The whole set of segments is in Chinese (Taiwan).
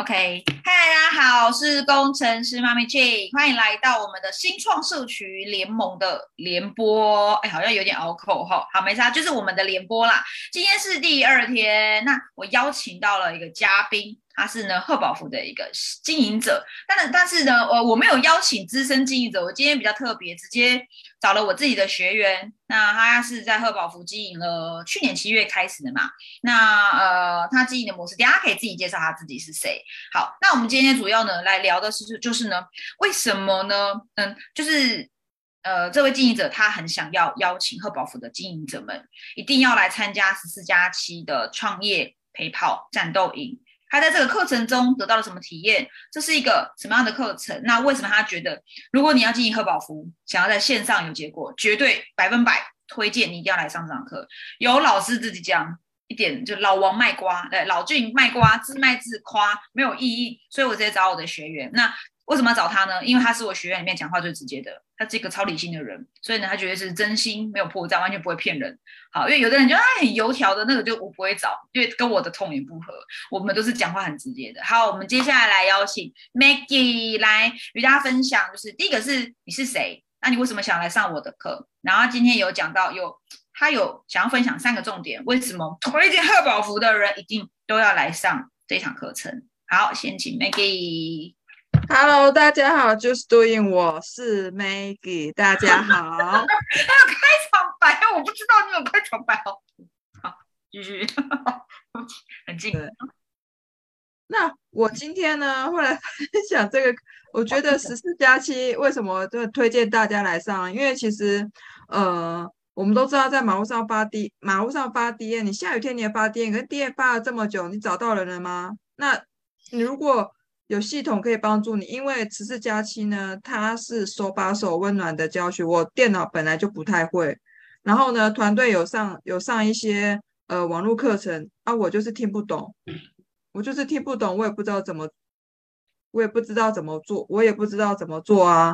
OK，嗨大家好，我是工程師媽咪 J，歡迎來到我們的新創社群聯盟的聯播，哎，好像有點拗口哈、哦，好，沒事啊，就是我們的聯播啦，今天是第二天，那我邀請到了一個嘉賓。他是呢，賀寶芙的一個經營者，但是但是呢，呃，我沒有邀請資深經營者，我今天比較特別，直接找了我自己的學員。那他是在賀寶芙經營了去年七月開始的嘛？那呃，他經營的模式，大家可以自己介紹他自己是誰。好，那我們今天主要呢來聊的是，就是呢，為什麼呢？嗯，就是呃，這位經營者他很想要邀請賀寶芙的經營者們一定要來參加十四加七的創業陪跑戰鬥營。他在這個課程中得到了什麼體驗？這是一個什麼樣的課程？那為什麼他覺得，如果你要經營喝寶福，想要在線上有結果，絕對百分百推薦你一定要來上這堂課。有老師自己講一點，就老王賣瓜，對，老俊賣瓜，自賣自誇沒有意義，所以我直接找我的學員。那。為什麼要找他呢？因為他是我學員裡面講話最直接的，他是一個超理性的人，所以呢，他覺得是真心，沒有破綻，完全不會騙人。好，因為有的人覺得他、哎、很油條的那個，就我不會找，因為跟我的痛點不合。我們都是講話很直接的。好，我們接下來邀請 Maggie 來與大家分享，就是第一個是你是誰？那你為什麼想來上我的課？然後今天有講到有，有他有想要分享三個重點，為什麼推薦賀寶芙的人一定都要來上這場課程？好，先請 Maggie。Hello，大家好，Just Doing，it，我是 Maggie，大家好。還有 開場白，我不知道你有開場白哦。好，繼續。 很近的。那我今天呢，會來分享這個。我覺得十四加七為什麼推薦大家來上？因為其實，呃，我們都知道在馬路上發 DM，馬路上發 DM，你下雨天你也發 DM，可是 DM 發了這麼久，你找到人了嗎？那你如果。有系統可以幫助你，因為十四加七呢，他是手把手溫暖的教學。我電腦本來就不太會，然後呢，團隊有上有上一些呃網絡課程啊，我就是聽不懂，我就是聽不懂，我也不知道怎麼，我也不知道怎麼做，我也不知道怎麼做啊。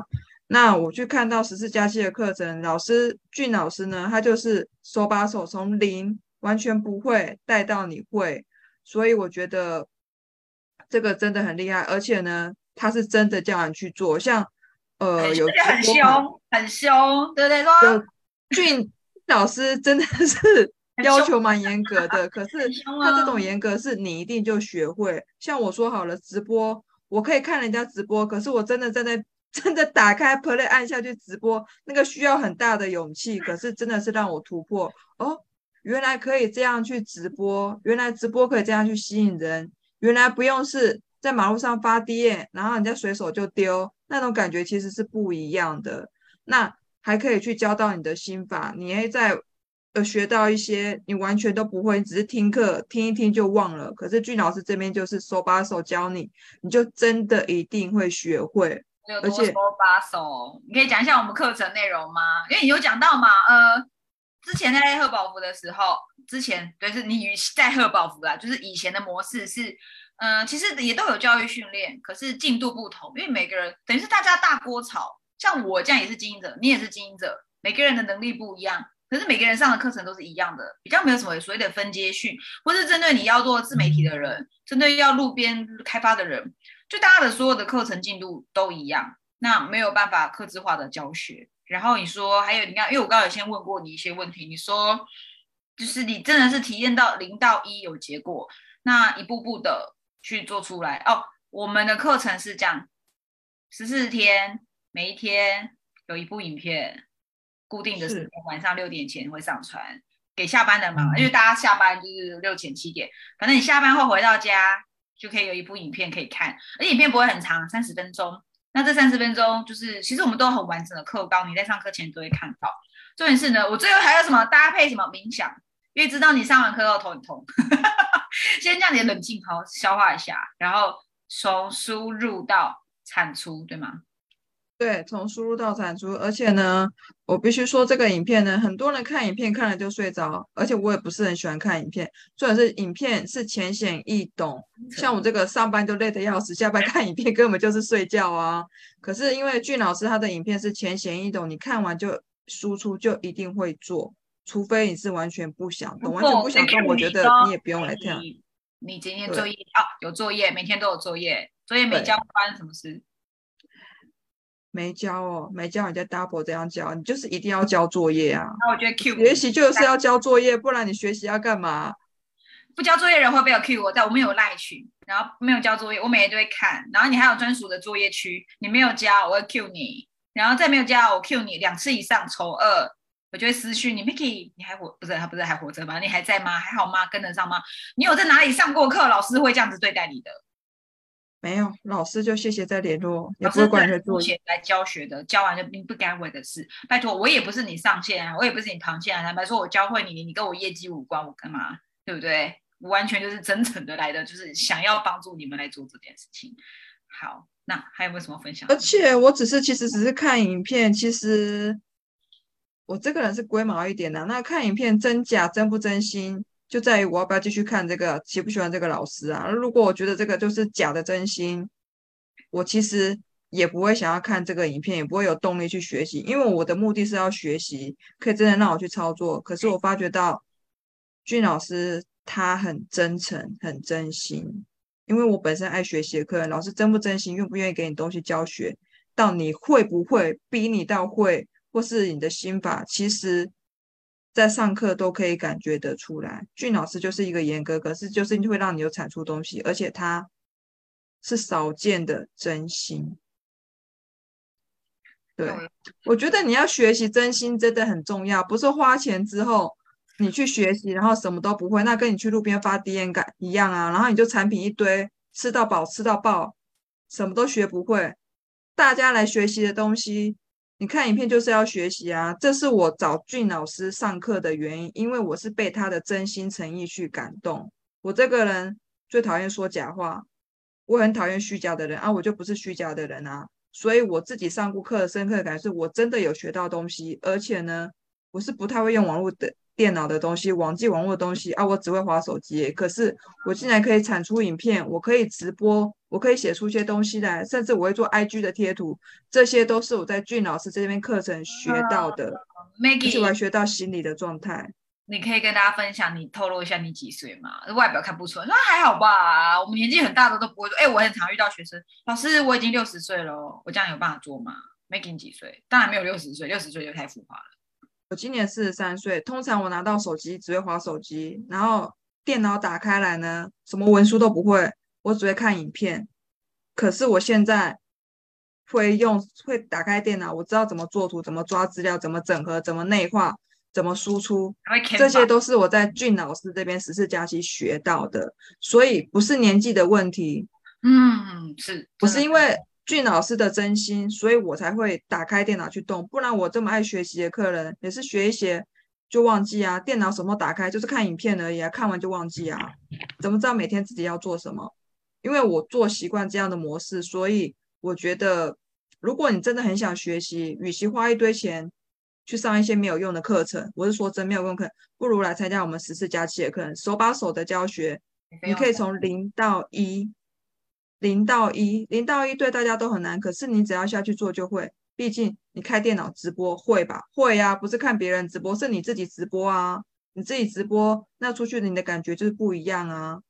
那我去看到十四加七的課程，老師俊老師呢，他就是手把手從零完全不會帶到你會，所以我覺得。這個真的很厲害，而且呢，他是真的叫人去做，像，呃，很羞有很兇，很兇，對不對？說俊 老師真的是要求蠻嚴格的，羞可是他這種嚴格是你一定就學會。像我說好了直播，我可以看人家直播，可是我真的在那真的打開 Play 按下去直播，那個需要很大的勇氣。可是真的是讓我突破 哦，原來可以這樣去直播，原來直播可以這樣去吸引人。原來不用是在馬路上發 DM，然後人家隨手就丟，那種感覺其實是不一樣的。那還可以去教到你的心法，你可以在呃學到一些你完全都不會，你只是聽課聽一聽就忘了。可是俊老師這邊就是手把手教你，你就真的一定會學會。說而且手把手，你可以講一下我們課程內容嗎？因為你有講到嗎？呃，之前在賀寶芙的時候。之前就是，你與在賀寶芙啊，就是以前的模式是，嗯、呃，其實也都有教育訓練，可是進度不同，因為每個人等於是大家大鍋炒，像我這樣也是經營者，你也是經營者，每個人的能力不一樣，可是每個人上的課程都是一樣的，比較沒有什麼所謂的分階訓，或是針對你要做自媒體的人，針對要路邊開發的人，就大家的所有的課程進度都一樣，那沒有辦法客製化的教學。然後你說還有你看，因為我剛剛有先問過你一些問題，你說。就是你真的是體驗到零到一有結果，那一步步的去做出來哦。我們的課程是這樣，十四天，每一天有一部影片，固定的時間是晚上六點前會上傳給下班的嘛？嗯、因為大家下班就是六點七點，反正你下班後回到家就可以有一部影片可以看，而且影片不會很長，三十分鐘。那這三十分鐘就是其實我們都很完整的課綱，你在上課前都會看到。重點是呢，我最後還有什麼搭配什麼冥想？因為知道你上完課後頭很痛，先讓你的冷靜好 消化一下，然後從輸入到產出，對嗎？對，從輸入到產出。而且呢，我必須說這個影片呢，很多人看影片看了就睡着，而且我也不是很喜歡看影片，主要是影片是淺顯易懂，嗯、像我這個上班就累的要死，下班看影片根本就是睡覺啊。 可是因為俊老師他的影片是淺顯易懂，你看完就輸出，就一定會做。除非你是完全不想動，不過完全不想動，我覺得你也不用來聽。你，你今天作業啊對、哦？有作業？每天都有作業。作業沒交關對什麼事？沒交哦，沒交你在 double 這樣交，你就是一定要交作業啊。嗯、那我覺得 cue 也許就是要交作業，不然你學習要幹嘛？不交作業的人會被我 cue。我在我們有賴群，然後沒有交作業，我每天都會看。然後你還有專屬的作業區，你沒有交我會 cue 你，然後再沒有交我 cue 你兩次以上，抽二。我覺得失去你，Mickey，你還活不是？他不是還活着嗎？你還在嗎？還好嗎？跟得上嗎？你有在哪裡上過課？老師會這樣子對待你的？沒有，老師就謝謝再聯絡。老師來教學的，教完就不干我的事。拜托，我也不是你上線啊，我也不是你旁線啊。坦白說，我教會你，你跟我業績無關，我幹嘛？對不對？我完全就是真誠的來的，就是想要幫助你們來做這件事情。好，那還有沒有什麼分享？而且我只是其實只是看影片，其實。我這個人是龜毛一點的、啊，那看影片，真假真不真心，就在於我要不要繼續看這個，喜不喜歡這個老師啊？如果我覺得這個就是假的真心，我其實也不會想要看這個影片，也不會有動力去學習，因為我的目的是要學習，可以真的讓我去操作。可是我發覺到俊嘿老師他很真誠，很真心，因為我本身愛學習的客人，老師真不真心，願不願意給你東西教學，到你會不會逼你到會。或是你的心法，其實在上課都可以感覺得出來。俊老師就是一個嚴格,格，可是就是會讓你有產出東西，而且他是少見的真心。對，嗯、我覺得你要學習真心真的很重要，不是花錢之後你去學習，嗯、然後什麼都不會，那跟你去路邊發 DM 一樣啊。然後你就產品一堆，吃到飽吃到爆，什麼都學不會。大家來學習的東西。你看影片，就是要學習啊，這是我找俊老師上課的原因，因為我是被他的真心誠意去感動。我這個人最討厭說假話，我很討厭虛假的人啊，我就不是虛假的人啊。所以我自己上過課的深刻感覺是我真的有學到東西，而且呢，我是不太會用網絡的電腦的東西、網際網絡的東西啊，我只會滑手機。可是我竟然可以產出影片，我可以直播。我可以寫出一些東西來，甚至我會做 IG 的貼圖，這些都是我在俊老師這邊課程學到的，而且還學到心理的狀態。你可以跟大家分享，你透露一下你幾歲嘛？外表看不出來，那還好吧。我們年紀很大的都不會說，哎、欸，我很常遇到學生，老師我已經六十歲了，我這樣有辦法做嗎？Maggie 幾歲？當然沒有六十歲，六十歲就太浮誇了。我今年四十三歲，通常我拿到手機只會滑手機，然後電腦打開來呢，什麼文書都不會。我只會看影片，可是我現在會用，會打開電腦，我知道怎麼做圖、怎麼抓資料、怎麼整合、怎麼內化、怎麼輸出，這些都是我在俊老師這邊十四加七學到的，所以不是年紀的問題，嗯、mm, 是，不是因為俊老師的真心，所以我才會打開電腦去動，不然我這麼愛學習的客人也是學一些就忘記啊，電腦什麼打開就是看影片而已啊，看完就忘記啊，怎麼知道每天自己要做什麼？因為我做習慣這樣的模式，所以我覺得，如果你真的很想學習，與其花一堆錢去上一些沒有用的課程，我是說真沒有用課，不如來參加我們十四加七的課程，手把手的教學，有你可以從零到一、嗯，零到一，零到一對大家都很難，可是你只要下去做就會。畢竟你開電腦直播會吧？會呀、啊，不是看別人直播，是你自己直播啊，你自己直播，那出去你的感覺就是不一樣啊，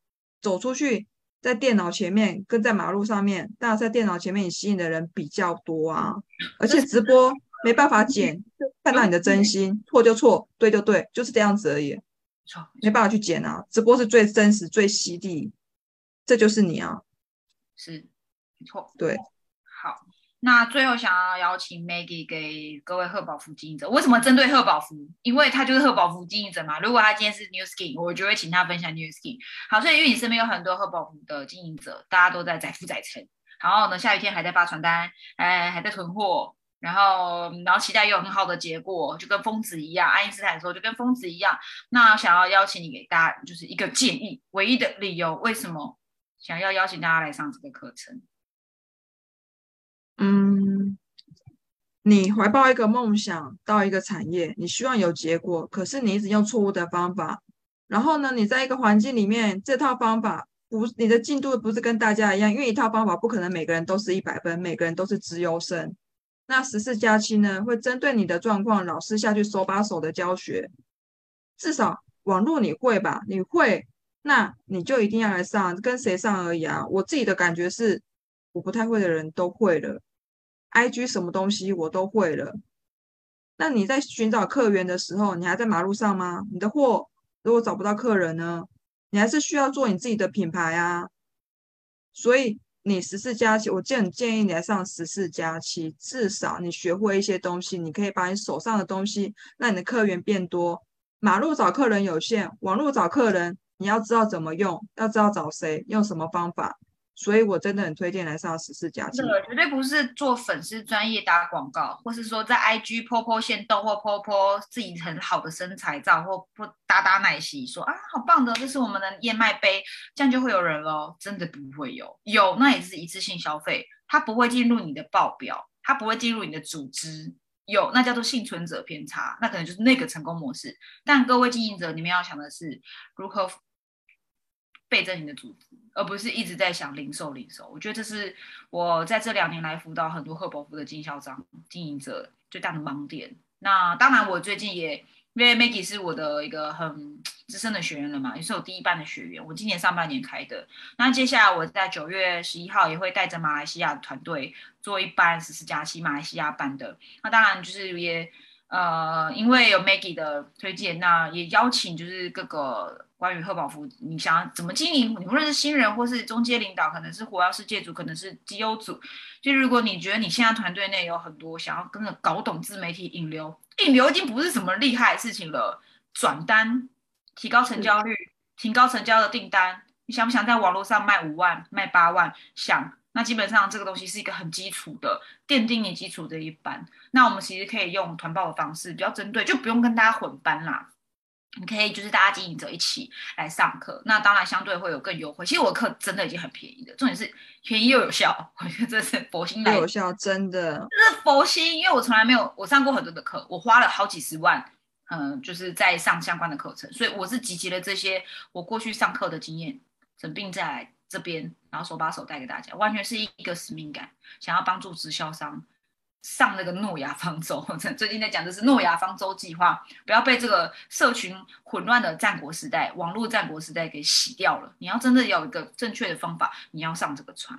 走出去。在電腦前面跟在馬路上面，但在電腦前面你吸引的人比較多啊，而且直播沒辦法剪，看到你的真心，錯就錯，對就對，就是這樣子而已，錯，沒辦法去剪啊，直播是最真實、最犀利，這就是你啊，是，沒錯，對。那最後想要邀請 Maggie 給各位賀寶芙經營者，為什麼針對賀寶芙？因為他就是賀寶芙經營者嘛。如果他今天是 New Skin，我就會請他分享 New Skin。好，所以因為你身邊有很多賀寶芙的經營者，大家都在載浮載沉，然後呢，下雨天還在發傳單，哎，還在囤貨，然後然後期待有很好的結果，就跟瘋子一樣。愛因斯坦說，就跟瘋子一樣。那想要邀請你給大家就是一個建議，唯一的理由，為什麼想要邀請大家來上這個課程？嗯，你懷抱一個夢想到一個產業，你希望有結果，可是你一直用錯誤的方法。然後呢，你在一個環境裡面，這套方法不，你的進度不是跟大家一樣，因為一套方法不可能每個人都是一百分，每個人都是資優生。那十四加七呢，會針對你的狀況，老師下去手把手的教學。至少網絡你會吧？你會，那你就一定要來上，跟誰上而已啊。我自己的感覺是，我不太會的人都會了。IG 什麼東西我都會了。那你在尋找客源的時候，你還在馬路上嗎？你的貨如果找不到客人呢？你還是需要做你自己的品牌啊。所以你14加7，我建建議你來上14加7，至少你學會一些東西，你可以把你手上的東西，讓你的客源變多。馬路找客人有限，網絡找客人，你要知道怎麼用，要知道找誰，用什麼方法。所以我真的很推薦來上14加7。這個絕對不是做粉絲專業打廣告，或是說在 IG PoPo 限動，或 PoPo PO 自己很好的身材照，或不打打奶昔說啊好棒的，這是我們的燕麥杯，這樣就會有人哦，真的不會有，有那也是一次性消費，它不會進入你的報表，它不會進入你的組織。有那叫做倖存者偏差，那可能就是那個成功模式。但各位經營者，你們要想的是如何。背着你的組織，而不是一直在想零售零售。我覺得這是我在這兩年來輔導很多賀寶芙的經銷商，商經營者最大的盲點。那當然，我最近也因為 Maggie 是我的一個很資深的學員了嘛，也是我第一班的學員。我今年上半年開的。那接下來我在九月十一號也會帶着馬來西亞團隊做一班十四加七馬來西亞班的。那當然就是也呃，因為有 Maggie 的推薦，那也邀請就是各個。關於賀寶芙，你想要怎麼經營？你無論是新人，或是中階領導，可能是活躍世界主，可能是績優組，就如果你覺得你現在團隊內有很多想要跟着搞懂自媒體引流，引流已經不是什麼厲害的事情了，轉單、提高成交率、提高成交的訂單，是你想不想在網絡上賣五萬、賣八萬？想，那基本上這個東西是一個很基礎的，奠定你基礎的一班。那我們其實可以用團報的方式，比較針對，就不用跟大家混班啦。你可以就是大家經營者一起來上課，那當然相對會有更優惠。其實我的課真的已經很便宜的，重點是便宜又有效，我覺得這是佛心來。有效真的，這是佛心，因為我從來沒有我上過很多的課，我花了好幾十萬，嗯、呃，就是在上相關的課程，所以我是集齊了這些我過去上課的經驗，整併在這邊，然後手把手帶給大家，完全是一個使命感，想要幫助直銷商。上那個諾亞方舟，最近在講的是諾亞方舟計劃，不要被這個社群混亂的戰國時代，網絡戰國時代給洗掉了。你要真的有一個正確的方法，你要上這個船。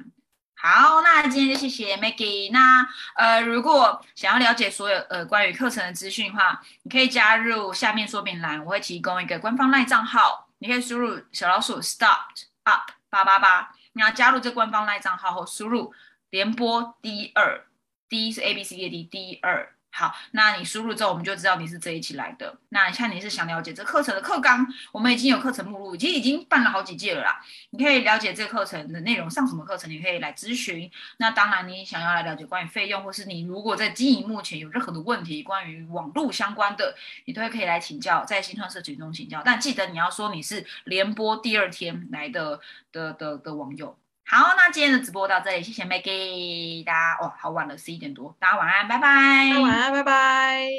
好，那今天就謝謝 Maggie。那呃，如果想要了解所有呃關於課程的資訊的話，你可以加入下面說明欄，我會提供一個官方 LINE 賬號，你可以輸入小老鼠 startup 888。你要加入這官方 LINE 賬號後，輸入聯播 D2。第一是 A B C D，第二，好，那你輸入之後，我們就知道你是這一期來的。那你看你是想了解這課程的課綱，我們已經有課程目錄，已經已經辦了好幾屆了啦。你可以了解這課程的內容，上什麼課程，你可以來諮詢。那當然，你想要來了解關於費用，或是你如果在經營目前有任何的問題，關於網絡相關的，你都可以來請教，在新創社群中請教。但記得你要說你是聯播第二天來的的的的，的網友。好，那今天的直播到這裡，謝謝 Maggie 大家哇、哦，好晚了，十一點多，大家晚安，拜拜，大家晚安，拜拜。